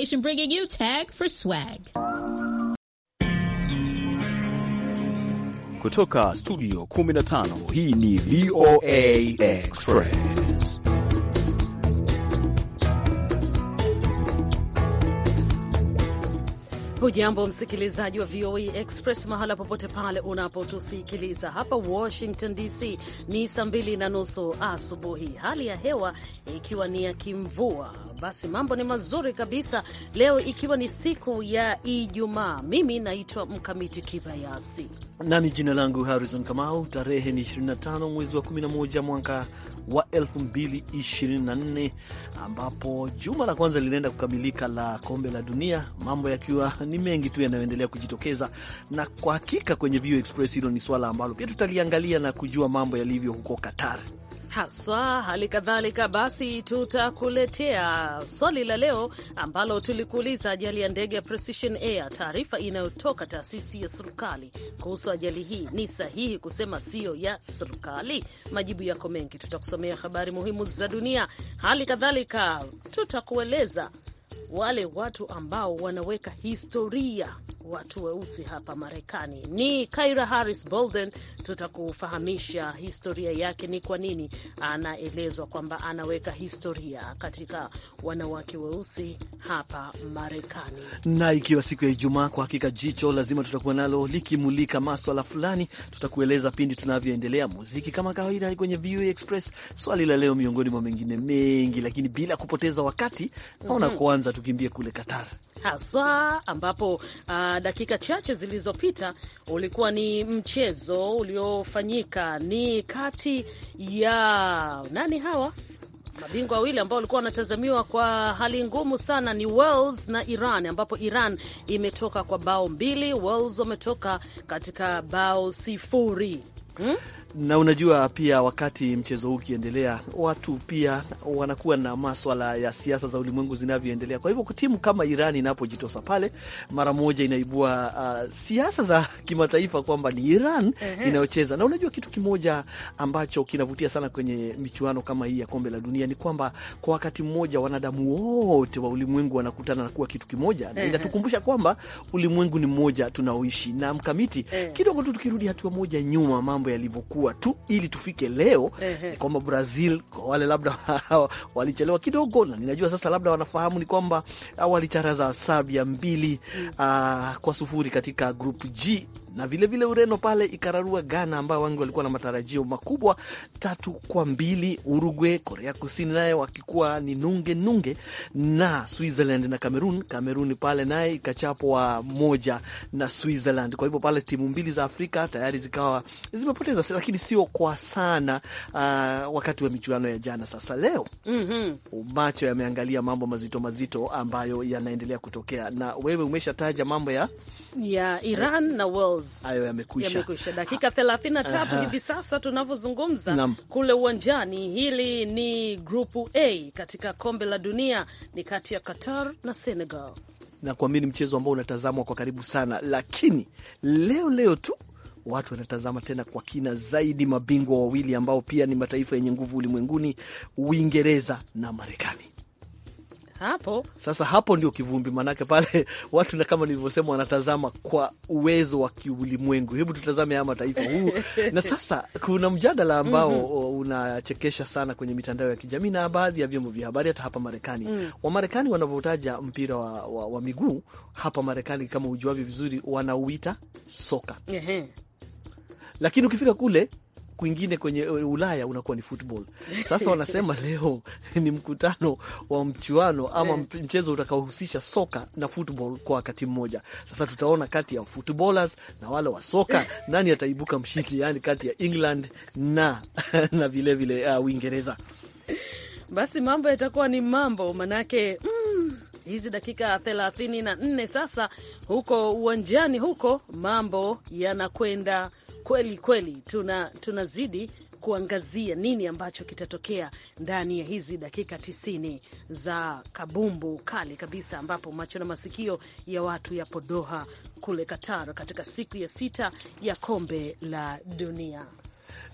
Nation bringing you Tag for Swag. Kutoka studio 15 hii ni VOA Express. Hujambo msikilizaji wa VOA Express mahala popote pale unapotusikiliza. Hapa Washington DC ni saa mbili na nusu asubuhi, hali ya hewa ikiwa ni ya kimvua basi mambo ni mazuri kabisa leo, ikiwa ni siku ya Ijumaa. Mimi naitwa Mkamiti Kibayasi nani jina langu Harrison Kamau. Tarehe ni 25 mwezi wa 11 mwaka wa 2024 ambapo juma la kwanza linaenda kukamilika la kombe la dunia, mambo yakiwa ni mengi tu yanayoendelea kujitokeza, na kwa hakika kwenye View Express hilo ni swala ambalo pia tutaliangalia na kujua mambo yalivyo huko Qatar haswa. Hali kadhalika basi, tutakuletea swali la leo ambalo tulikuuliza ajali ya ndege ya Precision Air, taarifa inayotoka taasisi ya serikali kuhusu ajali hii ni sahihi kusema siyo ya serikali? Majibu yako mengi, tutakusomea habari muhimu za dunia. Hali kadhalika tutakueleza wale watu ambao wanaweka historia watu weusi hapa Marekani ni Kaira Harris Bolden. Tutakufahamisha historia yake, ni kwa nini anaelezwa kwamba anaweka historia katika wanawake weusi hapa Marekani. Na ikiwa siku ya Ijumaa, kwa hakika jicho lazima tutakuwa nalo likimulika maswala fulani, tutakueleza pindi tunavyoendelea. Muziki kama kawaida kwenye VOA Express, swali la leo miongoni mwa mengine mengi, lakini bila kupoteza wakati naona mm -hmm kwanza tukimbie kule Qatar haswa ambapo uh, dakika chache zilizopita ulikuwa ni mchezo uliofanyika ni kati ya nani hawa mabingwa wawili ambao walikuwa wanatazamiwa kwa hali ngumu sana ni Wales na Iran, ambapo Iran imetoka kwa bao mbili, Wales wametoka katika bao sifuri hmm? na unajua pia wakati mchezo huu ukiendelea, watu pia wanakuwa na maswala ya siasa za ulimwengu zinavyoendelea. Kwa hivyo timu kama Iran inapojitosa pale, mara moja inaibua uh, siasa za kimataifa kwamba ni Iran inayocheza. Na unajua kitu kimoja ambacho kinavutia sana kwenye michuano kama hii ya kombe la dunia ni kwamba kwa wakati mmoja wanadamu wote wa ulimwengu wanakutana na kuwa kitu kimoja, na inatukumbusha kwamba ulimwengu ni mmoja tunaoishi. Na mkamiti eh. kidogo tu tukirudi hatua moja nyuma, mambo yalivyokuwa kuwa tu ili tufike leo ni kwamba Brazil, kwa wale labda walichelewa kidogo, na ninajua sasa labda wanafahamu ni kwamba ah, walicharaza Sabia mbili uh, kwa sufuri katika grup G na vilevile vile Ureno pale ikararua Ghana ambayo wengi walikuwa na matarajio makubwa, tatu kwa mbili. Uruguay, Korea Kusini naye wakikuwa ni nunge nunge na Switzerland na Cameroon. Cameroon pale naye ikachapwa moja na Switzerland. Kwa hivyo pale timu mbili za Afrika tayari zikawa zimepoteza, lakini sio kwa sana uh, wakati wa michuano ya jana. Sasa leo mm -hmm. macho yameangalia mambo mazito mazito ambayo yanaendelea kutokea, na wewe umeshataja mambo ya ya Iran na Wales hayo yamekwisha. Dakika 33 hivi sasa tunavyozungumza kule uwanjani. Hili ni grupu A katika kombe la dunia, ni kati ya Qatar na Senegal, na ni mchezo ambao unatazamwa kwa karibu sana, lakini leo leo tu watu wanatazama tena kwa kina zaidi mabingwa wawili ambao pia ni mataifa yenye nguvu ulimwenguni, Uingereza na Marekani hapo sasa, hapo ndio kivumbi, maanake pale watu na kama nilivyosema, wanatazama kwa uwezo wa kiulimwengu. Hebu tutazame haya mataifa huu na sasa, kuna mjadala ambao mm -hmm. unachekesha sana kwenye mitandao ya kijamii na baadhi ya vyombo vya habari, hata hapa Marekani mm. Wamarekani wanavyotaja mpira wa, wa, wa miguu hapa Marekani, kama ujuavyo vizuri, wanauita soka mm -hmm. lakini ukifika kule kwingine kwenye eh, Ulaya unakuwa ni football. Sasa wanasema leo ni mkutano wa mchuano ama eh. mchezo utakaohusisha soka na football kwa wakati mmoja. Sasa tutaona kati ya footballers na wale wa soka nani ataibuka mshindi, yani kati ya England na na vilevile uh, Uingereza. Basi mambo yatakuwa ni mambo manake, mm, hizi dakika thelathini na nne sasa huko uwanjani huko mambo yanakwenda kweli kweli, tuna tunazidi kuangazia nini ambacho kitatokea ndani ya hizi dakika tisini za kabumbu kali kabisa, ambapo macho na masikio ya watu yapo Doha kule Qatar, katika siku ya sita ya kombe la dunia.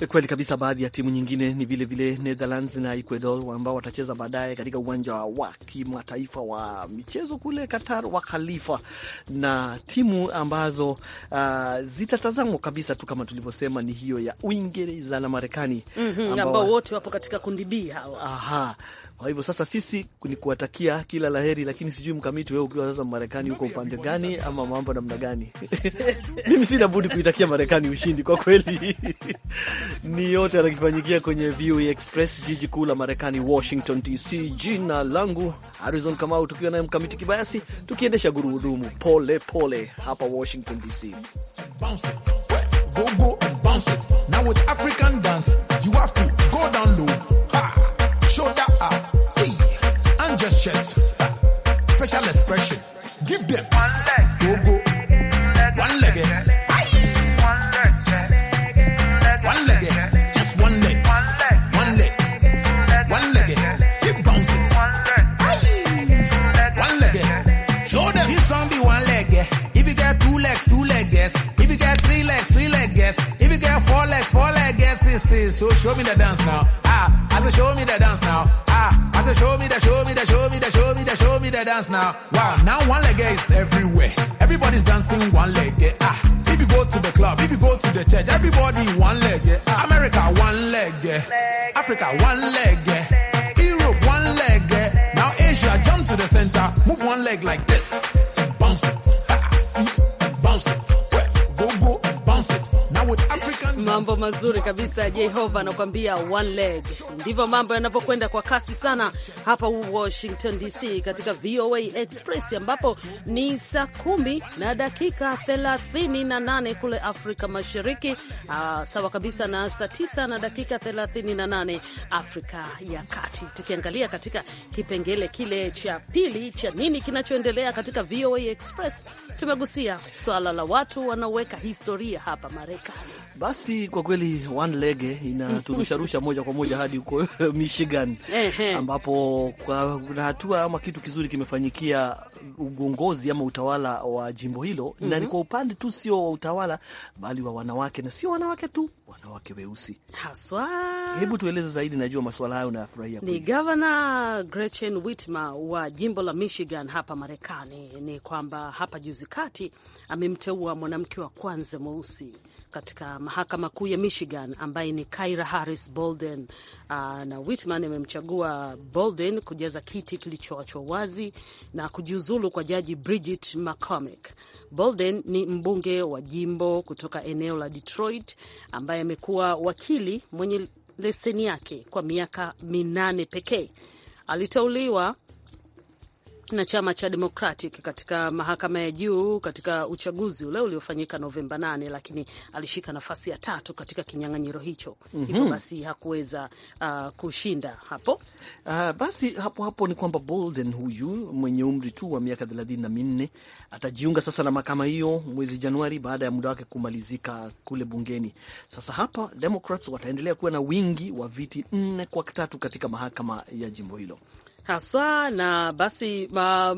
Eh, kweli kabisa. Baadhi ya timu nyingine ni vilevile Netherlands na Ecuador ambao watacheza baadaye katika uwanja wa kimataifa wa michezo kule Qatar wa Khalifa, na timu ambazo uh, zitatazamwa kabisa tu kama tulivyosema ni hiyo ya Uingereza na Marekani mm -hmm, ambao wote wapo katika kundi B hawa. Aha. Kwa hivyo sasa sisi ni kuwatakia kila la heri, lakini sijui Mkamiti, wewe ukiwa sasa Marekani uko upande gani ama mambo namna gani? Mimi sina budi kuitakia Marekani ushindi kwa kweli ni yote anakifanyikia kwenye VOA Express, jiji kuu la Marekani, Washington DC. Jina langu Harizon Kamau, tukiwa naye Mkamiti Kibayasi, tukiendesha gurudumu pole pole hapa Washington DC. Bounce it. Go, go and bounce it. Now with African dance, you have to Mambo mazuri kabisa, Jehova anakuambia one leg. Ndivyo mambo yanavyokwenda kwa kasi sana hapa Washington DC, katika VOA Express ambapo ni saa kumi na dakika 38 na kule Afrika Mashariki, uh, sawa kabisa na saa tisa na dakika 38 na Afrika ya Kati, tukiangalia katika kipengele kile cha pili cha nini kinachoendelea katika VOA Express. Tumegusia swala la watu wanaoweka historia hapa Marekani basi kwa kweli, one lege eh, inaturusharusha moja kwa moja hadi huko Michigan ambapo kuna hatua ama kitu kizuri kimefanyikia uongozi ama utawala wa jimbo hilo, na mhm. ni kwa upande tu sio wa utawala, bali wa wanawake, na sio wanawake tu, wanawake weusi haswa. Hebu tueleze zaidi, najua maswala hayo unayafurahia. Ni gavana Gretchen Whitmer wa jimbo la Michigan hapa Marekani. Ni kwamba hapa juzi kati amemteua mwanamke wa kwanza mweusi katika mahakama kuu ya Michigan ambaye ni Kaira Harris Bolden. Uh, na Whitman amemchagua Bolden kujaza kiti kilichoachwa wazi na kujiuzulu kwa jaji Bridget McCormick. Bolden ni mbunge wa jimbo kutoka eneo la Detroit ambaye amekuwa wakili mwenye leseni yake kwa miaka minane pekee. Aliteuliwa na chama cha Democratic katika mahakama ya juu katika uchaguzi ule uliofanyika Novemba 8, lakini alishika nafasi ya tatu katika kinyang'anyiro hicho. mm -hmm. Hivyo basi hakuweza uh, kushinda hapo. Uh, basi hapo hapo ni kwamba Bolden huyu mwenye umri tu wa miaka 34 atajiunga sasa na mahakama hiyo mwezi Januari baada ya muda wake kumalizika kule bungeni. Sasa hapa Democrats wataendelea kuwa na wingi wa viti nne kwa tatu katika mahakama ya jimbo hilo haswa na basi ma,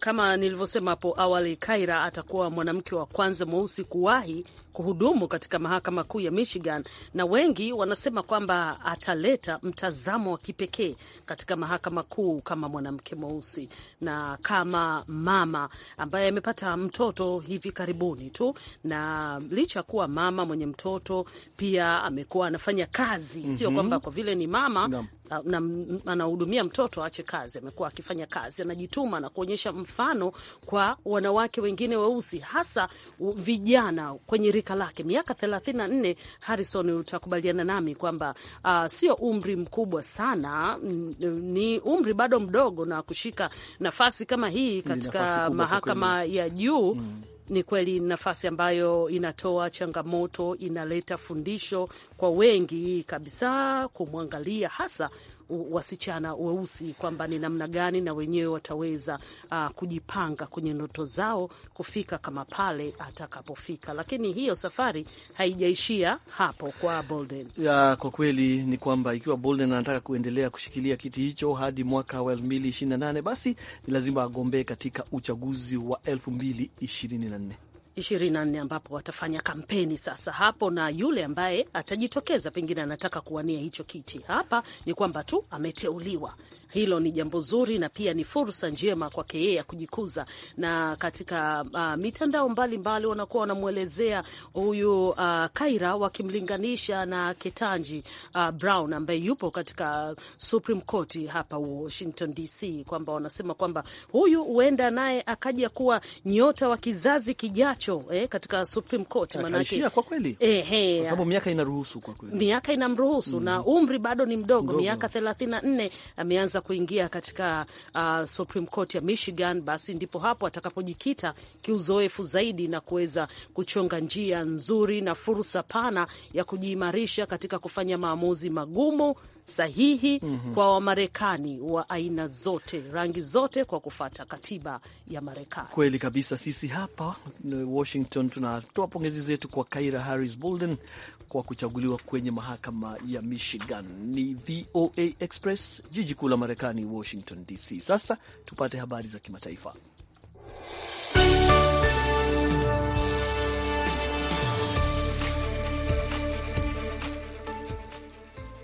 kama nilivyosema hapo awali, Kaira atakuwa mwanamke wa kwanza mweusi kuwahi kuhudumu katika mahakama kuu ya Michigan, na wengi wanasema kwamba ataleta mtazamo wa kipekee katika mahakama kuu kama mwanamke mweusi na kama mama ambaye amepata mtoto hivi karibuni tu, na licha ya kuwa mama mwenye mtoto pia amekuwa anafanya kazi mm -hmm. Sio mhm. kwamba kwa vile ni mama no. Ah, anahudumia mtoto aache kazi. Amekuwa akifanya kazi, anajituma na kuonyesha mfano kwa wanawake wengine weusi, hasa vijana kwenye rika lake, miaka thelathini na nne. Harrison, utakubaliana nami kwamba uh, sio umri mkubwa sana, mm, ni umri bado mdogo, na kushika nafasi kama hii katika mahakama ya juu mm ni kweli nafasi ambayo inatoa changamoto, inaleta fundisho kwa wengi kabisa, kumwangalia hasa wasichana weusi kwamba ni namna gani na wenyewe wataweza uh, kujipanga kwenye ndoto zao kufika kama pale atakapofika. Lakini hiyo safari haijaishia hapo kwa Bolden. Ya, kwa kweli ni kwamba ikiwa Bolden anataka kuendelea kushikilia kiti hicho hadi mwaka wa 2028 basi ni lazima agombee katika uchaguzi wa 2024. 24 ambapo watafanya kampeni sasa hapo, na yule ambaye atajitokeza pengine anataka kuwania hicho kiti hapa ni kwamba tu ameteuliwa hilo ni jambo zuri na pia ni fursa njema kwake yeye ya kujikuza, na katika uh, mitandao mbalimbali wanakuwa wanamwelezea huyu uh, Kaira wakimlinganisha na Ketanji uh, Brown ambaye yupo katika Supreme Court hapa Washington DC, kwamba wanasema kwamba huyu huenda naye akaja kuwa nyota wa kizazi kijacho eh, katika Supreme Court manake kwa kweli eh, hey, kwa sababu miaka inaruhusu kwa kweli, miaka inamruhusu mm, na umri bado ni mdogo, mdogo. miaka 34 ameanza kuingia katika uh, Supreme Court ya Michigan, basi ndipo hapo atakapojikita kiuzoefu zaidi na kuweza kuchonga njia nzuri na fursa pana ya kujiimarisha katika kufanya maamuzi magumu sahihi mm -hmm. kwa Wamarekani wa aina zote, rangi zote, kwa kufata katiba ya Marekani. Kweli kabisa. Sisi hapa eh, Washington tunatoa pongezi zetu kwa Kaira Harris Bolden kwa kuchaguliwa kwenye mahakama ya Michigan. Ni VOA Express, jiji kuu la Marekani, Washington DC. Sasa tupate habari za kimataifa.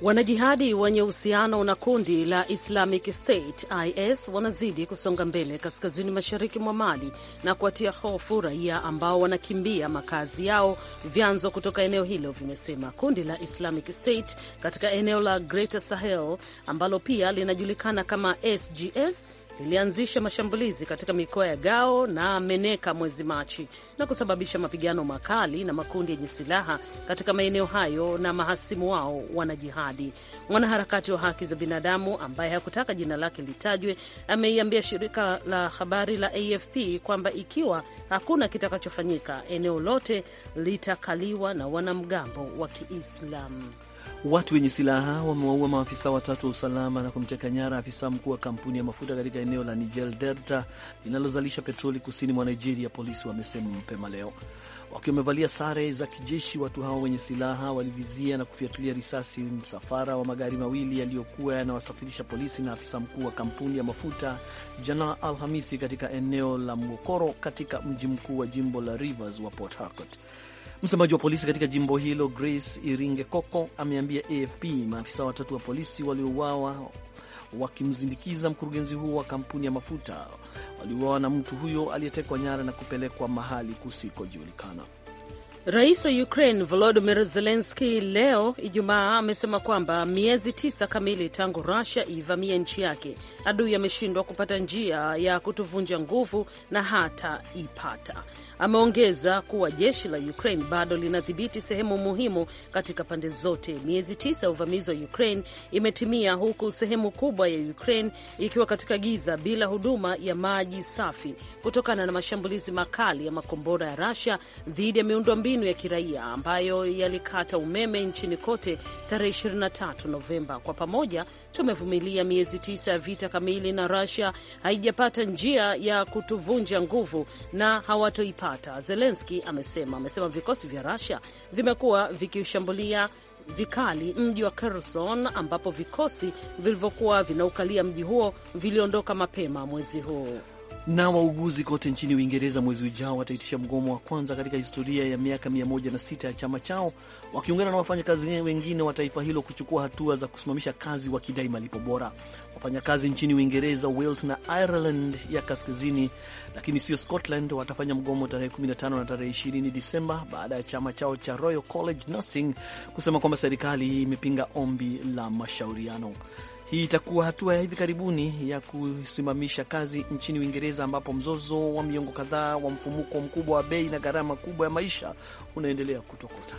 Wanajihadi wenye uhusiano na kundi la Islamic State IS wanazidi kusonga mbele kaskazini mashariki mwa Mali na kuwatia hofu raia ambao wanakimbia makazi yao, vyanzo kutoka eneo hilo vimesema. Kundi la Islamic State katika eneo la Greater Sahel ambalo pia linajulikana kama SGS lilianzisha mashambulizi katika mikoa ya Gao na Meneka mwezi Machi na kusababisha mapigano makali na makundi yenye silaha katika maeneo hayo na mahasimu wao wanajihadi. Mwanaharakati wa haki za binadamu ambaye hakutaka jina lake litajwe ameiambia shirika la habari la AFP kwamba ikiwa hakuna kitakachofanyika, eneo lote litakaliwa na wanamgambo wa Kiislamu. Watu wenye silaha wamewaua maafisa watatu wa usalama na kumteka nyara afisa mkuu wa kampuni ya mafuta katika eneo la Niger Delta linalozalisha petroli kusini mwa Nigeria, polisi wamesema mapema leo. Wakiwa wamevalia sare za kijeshi, watu hao wenye silaha walivizia na kufyatulia risasi msafara wa magari mawili yaliyokuwa yanawasafirisha polisi na afisa mkuu wa kampuni ya mafuta jana Alhamisi katika eneo la Mgokoro katika mji mkuu wa jimbo la Rivers wa Port Harcourt. Msemaji wa polisi katika jimbo hilo Grace Iringe Koko ameambia AFP maafisa watatu wa polisi waliouawa wakimzindikiza mkurugenzi huo wa kampuni ya mafuta waliuawa na mtu huyo aliyetekwa nyara na kupelekwa mahali kusikojulikana. Rais wa Ukraine Volodymyr Zelensky leo Ijumaa amesema kwamba miezi tisa kamili tangu Russia ivamie nchi yake, adui ameshindwa kupata njia ya kutuvunja nguvu na hata ipata. Ameongeza kuwa jeshi la Ukraine bado linadhibiti sehemu muhimu katika pande zote. Miezi tisa ya uvamizi wa Ukraine imetimia huku sehemu kubwa ya Ukraine ikiwa katika giza bila huduma ya maji safi kutokana na mashambulizi makali ya makombora ya Russia dhidi ya miundombinu miundombinu ya kiraia ambayo yalikata umeme nchini kote tarehe 23 Novemba. Kwa pamoja tumevumilia miezi tisa ya vita kamili, na Russia haijapata njia ya kutuvunja nguvu na hawatoipata, Zelenski amesema. Amesema vikosi vya Russia vimekuwa vikishambulia vikali mji wa Kherson ambapo vikosi vilivyokuwa vinaukalia mji huo viliondoka mapema mwezi huu. Na wauguzi kote nchini Uingereza mwezi ujao wataitisha mgomo wa kwanza katika historia ya miaka 106 ya chama chao, wakiungana na wafanyakazi wengine wa taifa hilo kuchukua hatua za kusimamisha kazi wakidai malipo bora. Wafanyakazi nchini Uingereza, Wales na Ireland ya Kaskazini, lakini sio Scotland, watafanya mgomo tarehe 15 na tarehe 20 Disemba baada ya chama chao cha Royal College Nursing kusema kwamba serikali imepinga ombi la mashauriano. Hii itakuwa hatua ya hivi karibuni ya kusimamisha kazi nchini Uingereza, ambapo mzozo wa miongo kadhaa wa mfumuko mkubwa wa bei na gharama kubwa ya maisha unaendelea kutokota.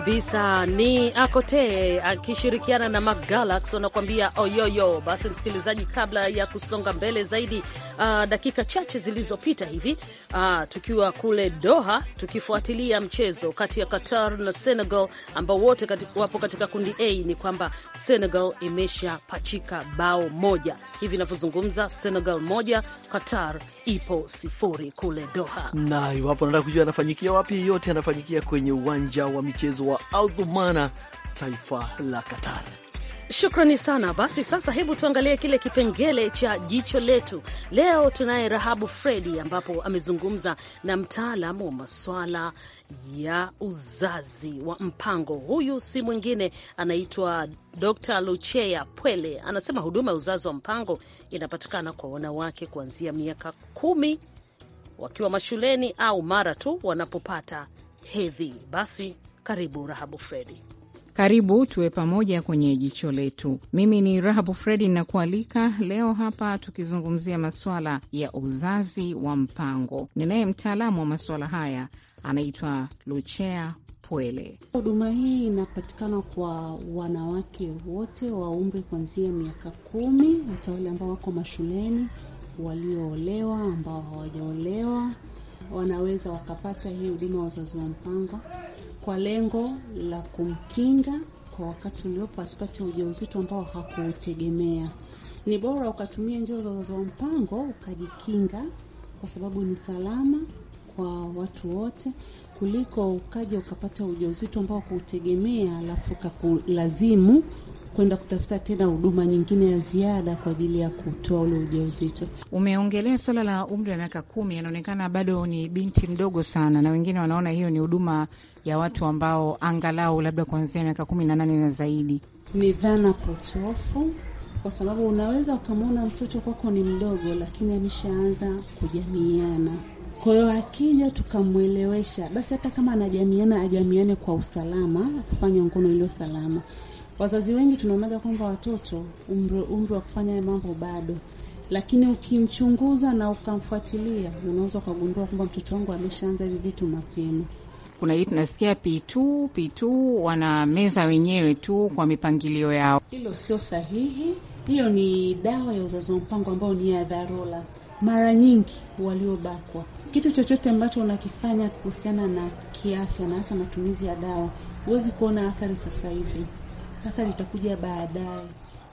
kabisa ni Akote akishirikiana na Mac Galax wanakuambia oyoyo. Basi msikilizaji, kabla ya kusonga mbele zaidi, uh, dakika chache zilizopita hivi uh, tukiwa kule Doha tukifuatilia mchezo kati ya Qatar na Senegal ambao wote kati, wapo katika kundi A. Ni kwamba Senegal imeshapachika bao moja hivi inavyozungumza, Senegal moja Qatar ipo sifuri kule Doha, na iwapo nataka kujua anafanyikia wapi, yote anafanyikia kwenye uwanja wa michezo wa Aldhumana, taifa la Qatar. Shukrani sana. Basi sasa, hebu tuangalie kile kipengele cha jicho letu. Leo tunaye Rahabu Fredi, ambapo amezungumza na mtaalamu wa maswala ya uzazi wa mpango. Huyu si mwingine, anaitwa Dr Luchea Pwele. Anasema huduma ya uzazi wa mpango inapatikana kwa wanawake kuanzia miaka kumi wakiwa mashuleni au mara tu wanapopata hedhi. Basi karibu Rahabu Fredi. Karibu tuwe pamoja kwenye jicho letu. Mimi ni Rahabu Fredi ninakualika leo hapa tukizungumzia masuala ya uzazi wa mpango. Ninaye mtaalamu wa masuala haya anaitwa Luchea Pwele. Huduma hii inapatikana kwa wanawake wote wa umri kuanzia miaka kumi, hata wale ambao wako mashuleni, walioolewa, ambao hawajaolewa wanaweza wakapata hii huduma ya uzazi wa mpango kwa lengo la kumkinga kwa wakati uliopo asipate ujauzito ambao hakuutegemea. Ni bora ukatumia njia za uzazi wa mpango ukajikinga, kwa sababu ni salama kwa watu wote, kuliko ukaja ukapata ujauzito ambao kuutegemea, alafu kakulazimu kwenda kutafuta tena huduma nyingine ya ziada kwa ajili ya kutoa ule ujauzito. Umeongelea swala la umri wa miaka kumi, anaonekana bado ni binti mdogo sana, na wengine wanaona hiyo ni huduma ya watu ambao angalau labda kuanzia miaka kumi na nane na zaidi. Ni dhana potofu kwa sababu unaweza ukamwona mtoto kwako ni mdogo, lakini ameshaanza kujamiana. Kwa hiyo akija tukamwelewesha, basi hata kama anajamiana ajamiane kwa usalama, kufanya ngono iliyo salama. Wazazi wengi tunaonaga kwamba watoto umri umri wa kufanya mambo bado, lakini ukimchunguza na ukamfuatilia, unaweza ukagundua kwamba mtoto wangu ameshaanza hivi vitu mapema kuna hii tunasikia P2 P2 meza wenyewe tu kwa mipangilio yao. Hilo sio sahihi. Hiyo ni dawa ya uzazi wa mpango ambayo ni ya dharura. Mara nyingi waliobakwa, kitu chochote ambacho unakifanya kuhusiana na kiafya na hasa matumizi ya dawa, huwezi kuona athari sasa hivi, athari itakuja baadaye.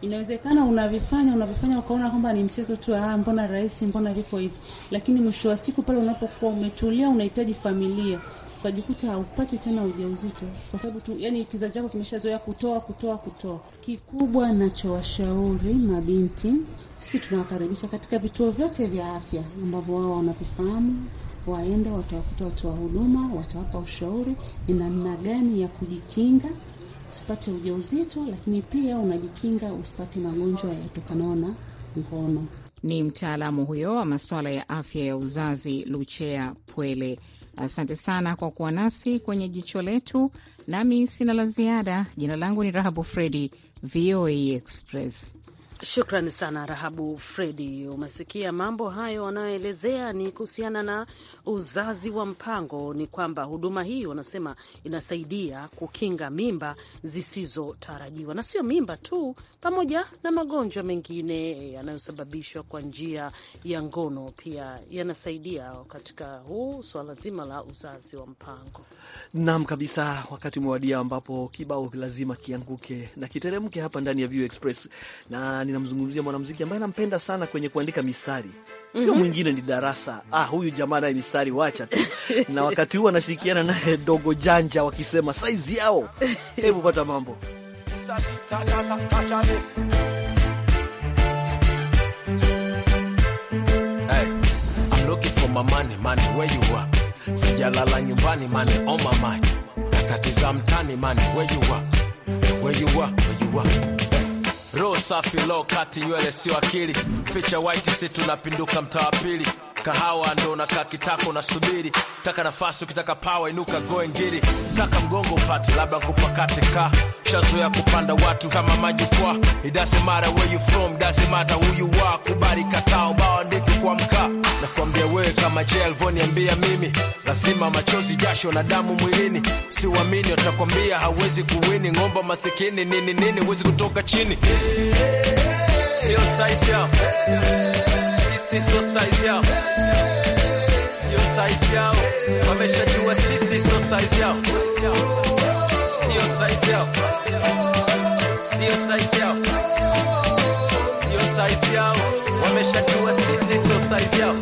Inawezekana unavifanya unavifanya, ukaona kwamba ni mchezo tu, ah, mbona rahisi, mbona vipo hivi, lakini mwisho wa siku pale unapokuwa umetulia, unahitaji familia ukajikuta upate tena ujauzito, kwa sababu tu yani kizazi chako kimeshazoea kutoa kutoa kutoa. Kikubwa nachowashauri mabinti, sisi tunawakaribisha katika vituo vyote vya afya ambavyo wao wanavifahamu waende watawakuta watoa huduma, watawapa ushauri ni namna gani ya kujikinga usipate ujauzito, lakini pia unajikinga usipate magonjwa yatokanao na ngono. Ni mtaalamu huyo wa masuala ya afya ya uzazi Luchea Pwele. Asante sana kwa kuwa nasi kwenye jicho letu, nami sina la ziada. Jina langu ni Rahabu Fredi, VOA Express. Shukrani sana Rahabu Fredi. Umesikia mambo hayo wanayoelezea ni kuhusiana na uzazi wa mpango. Ni kwamba huduma hii wanasema inasaidia kukinga mimba zisizotarajiwa, na sio mimba tu, pamoja na magonjwa mengine eh, yanayosababishwa kwa njia ya ngono pia yanasaidia katika huu swala zima la uzazi wa mpango. Naam kabisa, wakati umewadia ambapo kibao lazima kianguke na kiteremke hapa ndani ya View Express, na ninamzungumzia mwanamuziki ambaye nampenda sana kwenye kuandika mistari sio mm -hmm. mwingine ni Darasa. Ah, huyu jamaa naye mistari wacha tu na wakati huu anashirikiana naye Dogo Janja wakisema saizi yao. Hebu pata mambo Sijalala nyumbani mane on oh my mind, nakatiza mtani mane where you are, where you are, where you are. Roho safi lo kati nywele sio akili, ficha white si tunapinduka mtaa wa pili kahawa ndo nakaa kitako, nasubiri taka nafasi, ukitaka pawa inuka goe ngiri, taka mgongo upate, labda kupakate ka shazoya kupanda watu kama majukwa, it doesn't matter where you from, doesn't matter who you are, kubali katao bawa ndiki kwa mkaa na kuambia wewe kama je alivyoniambia mimi, lazima machozi, jasho na damu mwilini, siwamini watakwambia hawezi kuwini, ng'omba masikini nini nini, huwezi kutoka chini, hey, hey, hey, sisi size yao, sio size yao, wameshajua sisi sio size yao, sio size yao, sio size yao, sio size yao, wameshajua sisi sio size yao.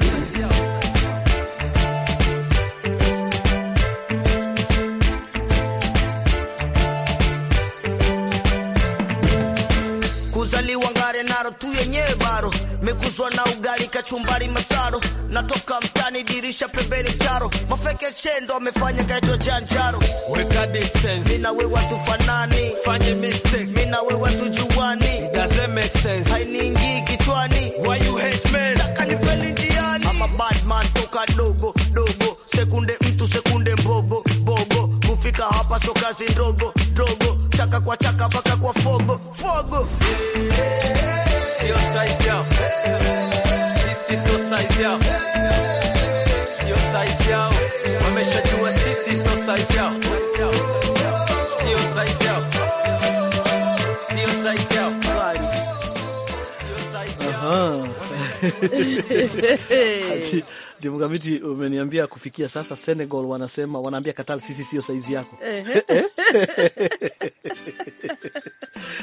Kuzaliwa ngare naro tu yenyewe baro mekuzwa na ugali kachumbari masaro natoka mtani dirisha pembeni charo mafeke chendo amefanya kaitwa janjaro weka distance mina we watu fanani fanye mistake mina we watu Ati, Mkamiti, umeniambia kufikia sasa Senegal wanasema wanaambia Katal, sisi sio saizi yako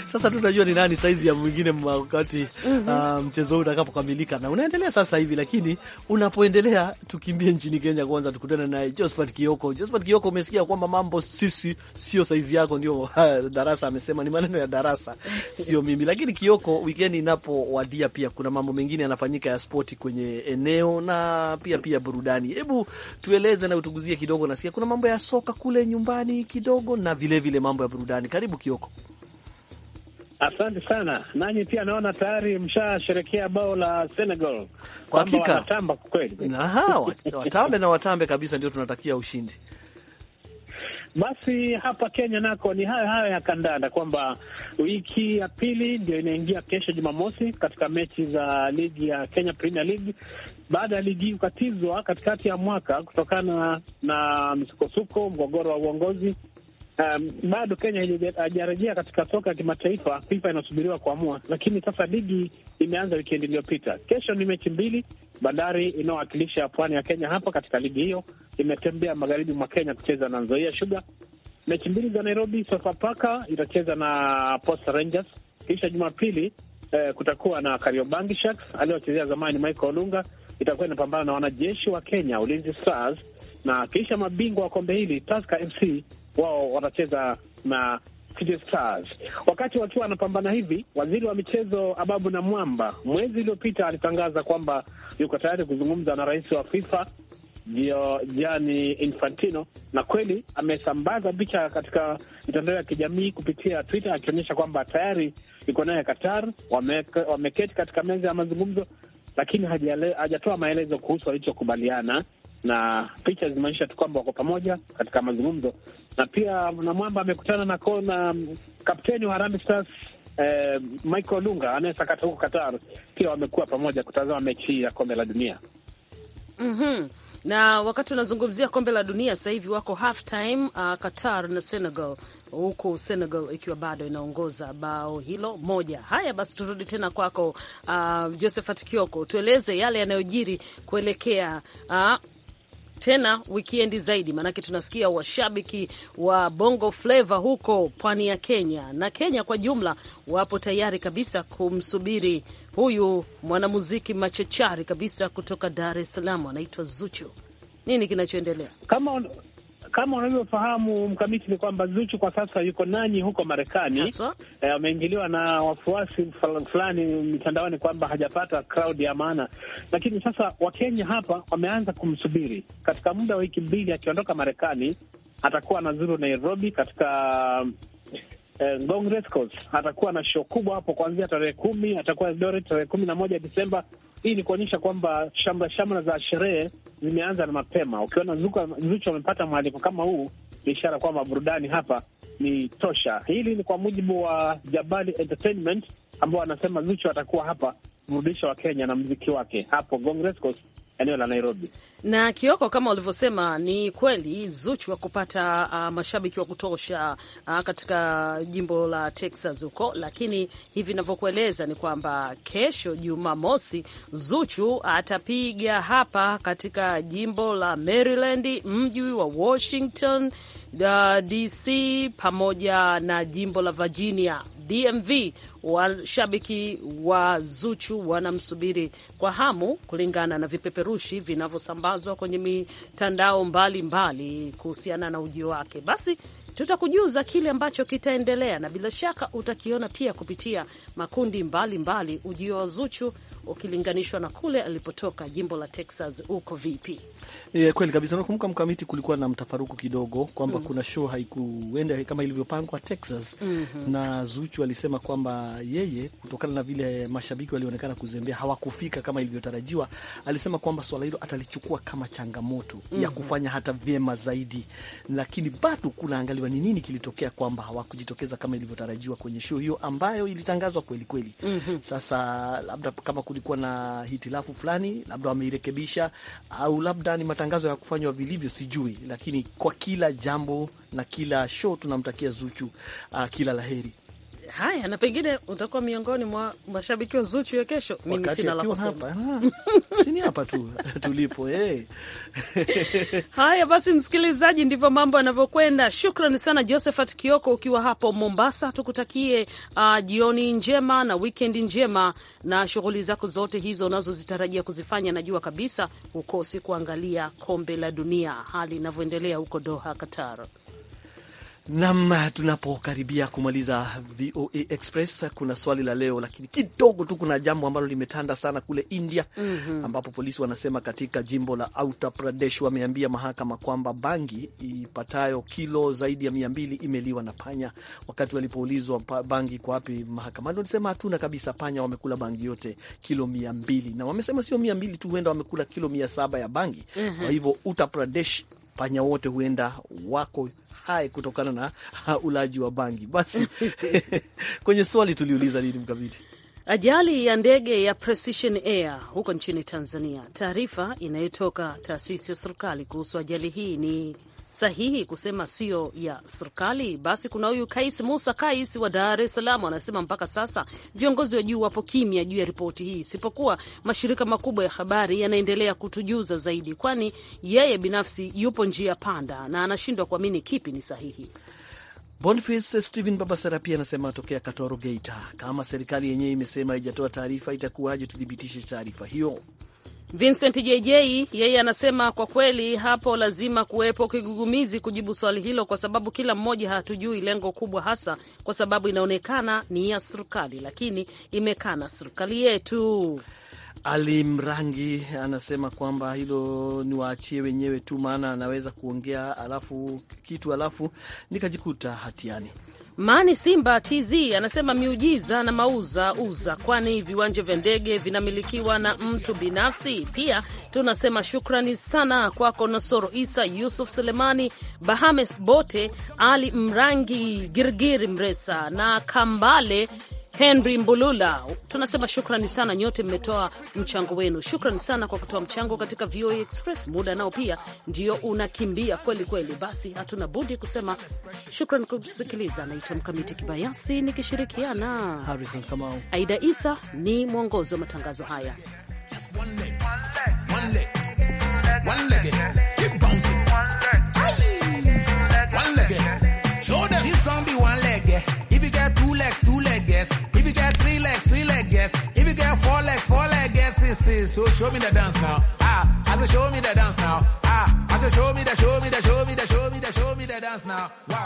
Sasa tunajua ni nani saizi ya mwingine wakati mm -hmm. uh, mchezo huu utakapokamilika na unaendelea sasa hivi, lakini unapoendelea, tukimbie nchini Kenya kwanza, tukutane naye Josephat Kioko. Josephat Kioko, umesikia kwamba mambo sisi sio saizi yako, ndio uh, darasa amesema ni maneno ya darasa, sio mimi. Lakini Kioko, wikendi inapowadia, pia kuna mambo mengine yanafanyika ya spoti kwenye eneo na pia pia burudani. Hebu tueleze na utuguzie kidogo, nasikia kuna mambo ya soka kule nyumbani kidogo na vilevile vile mambo ya burudani. Karibu Kioko. Asante sana. Nanyi pia naona tayari mshasherekea bao la Senegal. Kwa hakika watamba kweli, watambe na watambe kabisa, ndio tunatakia ushindi. Basi hapa Kenya nako ni hayo hayo ya kandanda, kwamba wiki ya pili ndio inaingia kesho Jumamosi katika mechi za ligi ya Kenya Premier League baada ya ligi kukatizwa katikati ya mwaka kutokana na msukosuko, mgogoro wa uongozi um, bado Kenya hajarejea katika soka ya kimataifa. FIFA inasubiriwa kuamua, lakini sasa ligi imeanza wikendi iliyopita. Kesho ni mechi mbili. Bandari inayowakilisha pwani ya Kenya hapa katika ligi hiyo imetembea magharibi mwa Kenya kucheza na Nzoia Sugar. Mechi mbili za Nairobi, Sofapaka itacheza na Posta Rangers, kisha Jumapili eh, kutakuwa na Kariobangi Sharks aliyowachezea zamani Michael Olunga, itakuwa inapambana na wanajeshi wa Kenya, Ulinzi Stars na kisha mabingwa wa kombe hili Tusker FC wao watacheza na Stars. Wakati wakiwa wanapambana hivi, waziri wa michezo Ababu na Mwamba mwezi uliopita alitangaza kwamba yuko tayari kuzungumza na rais wa FIFA Gianni Infantino, na kweli amesambaza picha katika mitandao ya kijamii kupitia Twitter akionyesha kwamba tayari yuko naye Qatar, wameketi wame katika meza ya mazungumzo, lakini hajatoa maelezo kuhusu walichokubaliana na picha zinaonyesha tu kwamba wako pamoja katika mazungumzo, na pia Namwamba amekutana na kona mm, kapteni wa Harambee Stars eh, Michael Olunga anayesakata huko Qatar, pia wamekuwa pamoja kutazama mechi hii ya kombe la dunia. mm -hmm. Na wakati unazungumzia kombe la dunia sasa hivi wako half time uh, Qatar na Senegal, huku Senegal ikiwa bado inaongoza bao hilo moja. Haya basi, turudi tena kwako uh, Josephat Kioko, tueleze yale yanayojiri kuelekea uh, tena wikiendi zaidi, maanake tunasikia washabiki wa bongo fleva huko pwani ya Kenya na Kenya kwa jumla wapo tayari kabisa kumsubiri huyu mwanamuziki machachari kabisa kutoka Dar es Salaam, anaitwa Zuchu. Nini kinachoendelea? Kama kama unavyofahamu mkamiti, ni kwamba Zuchu kwa sasa yuko nanyi huko Marekani. Eh, ameingiliwa e, na wafuasi fulani mitandaoni kwamba hajapata crowd ya maana, lakini sasa Wakenya hapa wameanza kumsubiri. Katika muda wa wiki mbili akiondoka Marekani, atakuwa anazuru Nairobi katika eh, Ngong Rescos atakuwa na show kubwa hapo kuanzia tarehe kumi, atakuwa Eldoret tarehe kumi na moja Desemba. Hii ni kuonyesha kwamba shamra shamra za sherehe zimeanza na mapema. Ukiona Zuchu amepata mwaliko kama huu, ni ishara kwamba burudani hapa ni tosha. Hili ni kwa mujibu wa Jabali Entertainment ambao anasema Zuchu atakuwa hapa burudisha wa Kenya na mziki wake hapo Ngong Rescos eneo la Nairobi. Na Kioko, kama ulivyosema, ni kweli Zuchu kupata uh, mashabiki wa kutosha uh, katika jimbo la Texas huko, lakini hivi navyokueleza ni kwamba kesho Jumamosi Zuchu atapiga hapa katika jimbo la Maryland, mji wa Washington uh, ah, DC pamoja na jimbo la Virginia DMV, washabiki wa Zuchu wanamsubiri kwa hamu kulingana na vipeperushi vinavyosambazwa kwenye mitandao mbalimbali kuhusiana na ujio wake. Basi tutakujuza kile ambacho kitaendelea, na bila shaka utakiona pia kupitia makundi mbalimbali mbali, ujio wa Zuchu ukilinganishwa na kule alipotoka jimbo la Texas. huko vipi? Yeah, kweli kabisa. Nakumbuka mkamiti, kulikuwa na mtafaruku kidogo kwamba mm. kuna show haikuenda kama ilivyopangwa Texas mm -hmm. na Zuchu alisema kwamba yeye, kutokana na vile mashabiki walionekana kuzembea, hawakufika kama ilivyotarajiwa, alisema kwamba swala hilo atalichukua kama changamoto mm -hmm. ya mhm. kufanya hata vyema zaidi, lakini bado kunaangaliwa ni nini kilitokea kwamba hawakujitokeza kama ilivyotarajiwa kwenye show hiyo ambayo ilitangazwa kweli kweli. mm -hmm. Sasa labda kama kulikuwa na hitilafu fulani, labda wameirekebisha, au labda ni matangazo ya kufanywa vilivyo, sijui. Lakini kwa kila jambo na kila show tunamtakia Zuchu uh, kila laheri. Haya, na pengine utakuwa miongoni mwa mashabiki wa Zuchu ya kesho. Mimi sina la kusema ah, sini hapa tu tulipo. Hey. Eh. Haya basi, msikilizaji, ndivyo mambo yanavyokwenda. Shukrani sana Josephat Kioko ukiwa hapo Mombasa, tukutakie uh, jioni njema na wikendi njema na shughuli zako zote hizo unazozitarajia kuzifanya. Najua kabisa ukosi kuangalia kombe la dunia hali inavyoendelea huko Doha, Qatar. Nam, tunapokaribia kumaliza VOA Express, kuna swali la leo, lakini kidogo tu kuna jambo ambalo limetanda sana kule India mm -hmm. ambapo polisi wanasema katika jimbo la Uttar Pradesh wameambia mahakama kwamba bangi ipatayo kilo zaidi ya mia mbili imeliwa na panya. Wakati walipoulizwa bangi kwa wapi mahakamani, walisema hatuna kabisa, panya wamekula bangi yote kilo mia mbili na wamesema sio mia mbili tu, huenda wamekula kilo mia saba ya bangi mm -hmm. kwa hivyo Uttar Pradesh panya wote huenda wako hai kutokana na uh, ulaji wa bangi. Basi kwenye swali tuliuliza nini mkabiti Ajali ya ndege ya Precision Air huko nchini Tanzania. Taarifa inayotoka taasisi ya serikali kuhusu ajali hii ni sahihi kusema sio ya serikali. Basi kuna huyu Kais Musa Kais wa Dar es Salaam anasema mpaka sasa viongozi wa juu wapo kimya juu ya ripoti hii, isipokuwa mashirika makubwa ya habari yanaendelea kutujuza zaidi, kwani yeye binafsi yupo njia panda na anashindwa kuamini kipi ni sahihi. Boniface Stephen Babasara pia anasema tokea Katoro, Geita, kama serikali yenyewe imesema haijatoa taarifa, itakuwaje tuthibitishe taarifa hiyo? Vincent JJ yeye anasema kwa kweli hapo lazima kuwepo kigugumizi kujibu swali hilo, kwa sababu kila mmoja hatujui lengo kubwa hasa, kwa sababu inaonekana ni ya serikali, lakini imekana serikali yetu. Ali Mrangi anasema kwamba hilo ni waachie wenyewe tu, maana anaweza kuongea alafu kitu alafu nikajikuta hatiani. Mani Simba TZ anasema miujiza na mauza uza, kwani viwanja vya ndege vinamilikiwa na mtu binafsi. Pia tunasema shukrani sana kwako Nosoro Isa, Yusuf Selemani, Bahames Bote, Ali Mrangi, girgiri Mresa na Kambale Henry Mbulula, tunasema shukrani sana nyote, mmetoa mchango wenu. Shukrani sana kwa kutoa mchango katika VOA Express. Muda nao pia ndio unakimbia kweli kweli, basi hatuna budi kusema shukrani kusikiliza. Naitwa Mkamiti Kibayasi nikishirikiana Harrison Kamau. Aida Isa ni mwongozi wa matangazo haya. One leg, one leg, one leg, one leg. legs, two leg yes. If you get three legs, three leg yes. If you get four legs, four leg yes. This is so show me the dance now. Ah, I say show me the dance now. Ah, I say show me the show me the show me the show me the show me the dance now. Wow.